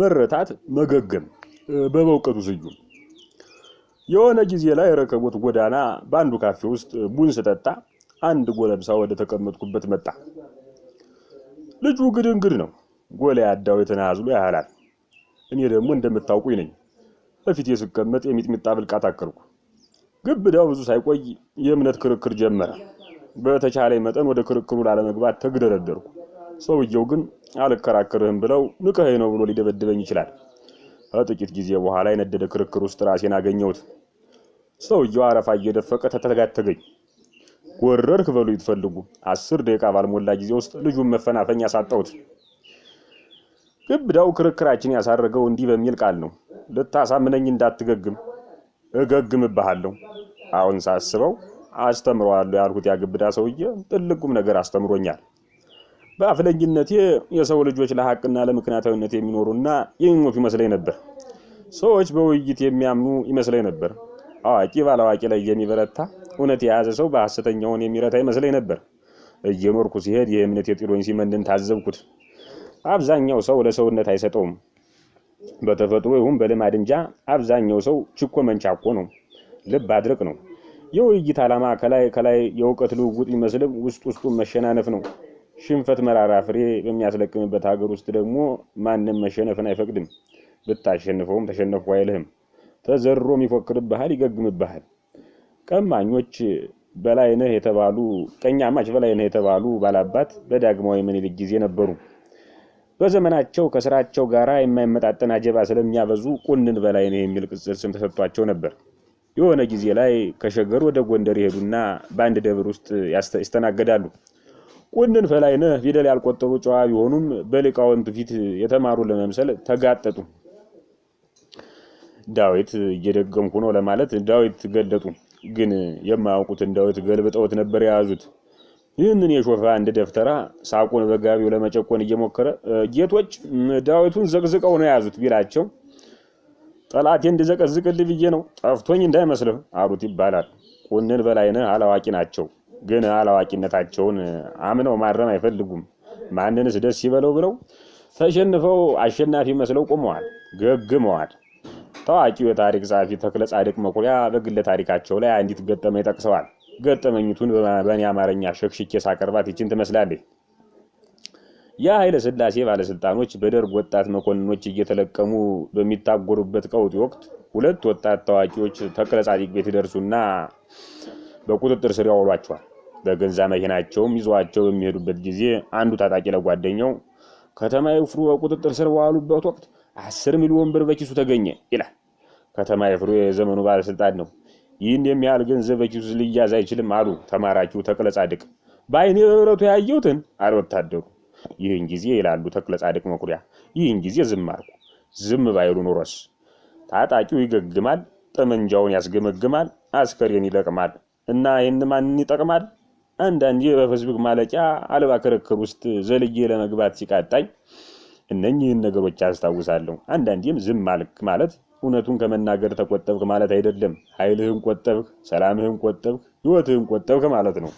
መረታት መገገም በበውቀቱ ስዩም የሆነ ጊዜ ላይ ረከቦት ጎዳና በአንዱ ካፌ ውስጥ ቡን ስጠጣ አንድ ጎለምሳ ወደ ተቀመጥኩበት መጣ። ልጁ ግድንግድ ነው፣ ያዳው የተናዝሎ ያህላል። እኔ ደግሞ እንደምታውቁኝ ነኝ። በፊት ስቀመጥ የሚጥሚጣ ብልቃት አከልኩ። ግብዳው ብዙ ሳይቆይ የእምነት ክርክር ጀመረ። በተቻለ መጠን ወደ ክርክሩ ላለመግባት ተግደረደርኩ። ሰውየው ግን አልከራከርህም ብለው ንቀሄ ነው ብሎ ሊደበድበኝ ይችላል። ከጥቂት ጊዜ በኋላ የነደደ ክርክር ውስጥ ራሴን አገኘሁት። ሰውየው አረፋ እየደፈቀ ተተጋተገኝ። ወረድክ በሉ ይትፈልጉ። አስር ደቂቃ ባልሞላ ጊዜ ውስጥ ልጁን መፈናፈኝ ያሳጣሁት። ግብዳው ክርክራችን ያሳረገው እንዲህ በሚል ቃል ነው። ልታሳምነኝ እንዳትገግም እገግምብሃለሁ። አሁን ሳስበው አስተምረዋለሁ ያልኩት ያግብዳ ሰውዬ ጥልቁም ነገር አስተምሮኛል። በአፍለጊነቴ የሰው ልጆች ለሐቅና ለምክንያታዊነት የሚኖሩና የሚሞቱ ይመስለኝ ነበር። ሰዎች በውይይት የሚያምኑ ይመስለኝ ነበር። አዋቂ ባላዋቂ ላይ የሚበረታ እውነት የያዘ ሰው በሐሰተኛውን የሚረታ ይመስለኝ ነበር። እየኖርኩ ሲሄድ የእምነት የጢሮኝ ሲመን ታዘብኩት። አብዛኛው ሰው ለሰውነት አይሰጠውም። በተፈጥሮ ይሁን በልማድ እንጃ አብዛኛው ሰው ችኮ መንቻኮ ነው፣ ልብ አድረቅ ነው። የውይይት ዓላማ ከላይ ከላይ የእውቀት ልውውጥ ቢመስልም ውስጥ ውስጡን መሸናነፍ ነው። ሽንፈት መራራ ፍሬ በሚያስለቅምበት ሀገር ውስጥ ደግሞ ማንም መሸነፍን አይፈቅድም። ብታሸንፈውም ተሸነፍኩ አይልህም። ተዘሮም ይፎክርብሃል፣ ይገግምብሃል። ቀማኞች በላይነህ የተባሉ ቀኛማች በላይነህ የተባሉ ባላባት በዳግማዊ ምኒልክ ጊዜ ነበሩ። በዘመናቸው ከስራቸው ጋር የማይመጣጠን አጀባ ስለሚያበዙ ቁንን ነህ የሚል ቅጽል ስም ተሰጥቷቸው ነበር። የሆነ ጊዜ ላይ ከሸገር ወደ ጎንደር ይሄዱና በአንድ ደብር ውስጥ ይስተናገዳሉ። ቁንን ፈላይነህ ፊደል ያልቆጠሩ ጨዋ ቢሆኑም በሊቃውንት ፊት የተማሩ ለመምሰል ተጋጠጡ። ዳዊት እየደገምኩ ነው ለማለት ዳዊት ገለጡ። ግን የማያውቁትን ዳዊት ገልብጠውት ነበር የያዙት። ይህንን የሾፋ እንደ ደፍተራ ሳቁን በጋቢው ለመጨቆን እየሞከረ ጌቶች ዳዊቱን ዘቅዝቀው ነው የያዙት ቢላቸው ጠላቴ እንድዘቀዝቅልህ ብዬ ነው ጠፍቶኝ እንዳይመስልህ አሉት ይባላል። ቁንን በላይነህ አላዋቂ ናቸው። ግን አላዋቂነታቸውን አምነው ማረም አይፈልጉም። ማንንስ ደስ ይበለው ብለው ተሸንፈው አሸናፊ መስለው ቆመዋል፣ ገግመዋል። ታዋቂው የታሪክ ጸሐፊ ተክለ ጻድቅ መኩሪያ በግለ ታሪካቸው ላይ አንዲት ገጠመኝ ጠቅሰዋል። ገጠመኝቱን በእኔ አማርኛ ሸክሽኬ ሳቀርባት ይችን ትመስላለች። የኃይለ ስላሴ ባለስልጣኖች በደርግ ወጣት መኮንኖች እየተለቀሙ በሚታጎሩበት ቀውጢ ወቅት ሁለት ወጣት ታዋቂዎች ተክለ ጻድቅ ቤት ይደርሱና በቁጥጥር ስር ያውሏቸዋል። በገንዛ መኪናቸውም ይዘዋቸው በሚሄዱበት ጊዜ አንዱ ታጣቂ ለጓደኛው ከተማ ይፍሩ በቁጥጥር ስር በዋሉበት ወቅት አስር ሚሊዮን ብር በኪሱ ተገኘ ይላል። ከተማ ይፍሩ የዘመኑ ባለስልጣን ነው። ይህን የሚያህል ገንዘብ በኪሱ ሊያዝ አይችልም አሉ ተማራኪው ተክለ ጻድቅ። በአይኔ በብረቱ ያየሁትን አለ ወታደሩ። ይህን ጊዜ ይላሉ ተክለ ጻድቅ መኩሪያ፣ ይህን ጊዜ ዝም አልኩ። ዝም ባይሉ ኑሮስ ታጣቂው ይገግማል፣ ጠመንጃውን ያስገመግማል፣ አስከሬን ይለቅማል። እና ይህን ማንን ይጠቅማል? አንዳንዴ በፌስቡክ ማለቂያ አልባ ክርክር ውስጥ ዘልዬ ለመግባት ሲቃጣኝ እነኚህን ነገሮች አስታውሳለሁ። አንዳንዴም ዝም አልክ ማለት እውነቱን ከመናገር ተቆጠብክ ማለት አይደለም። ኃይልህን ቆጠብክ፣ ሰላምህን ቆጠብክ፣ ህይወትህን ቆጠብክ ማለት ነው።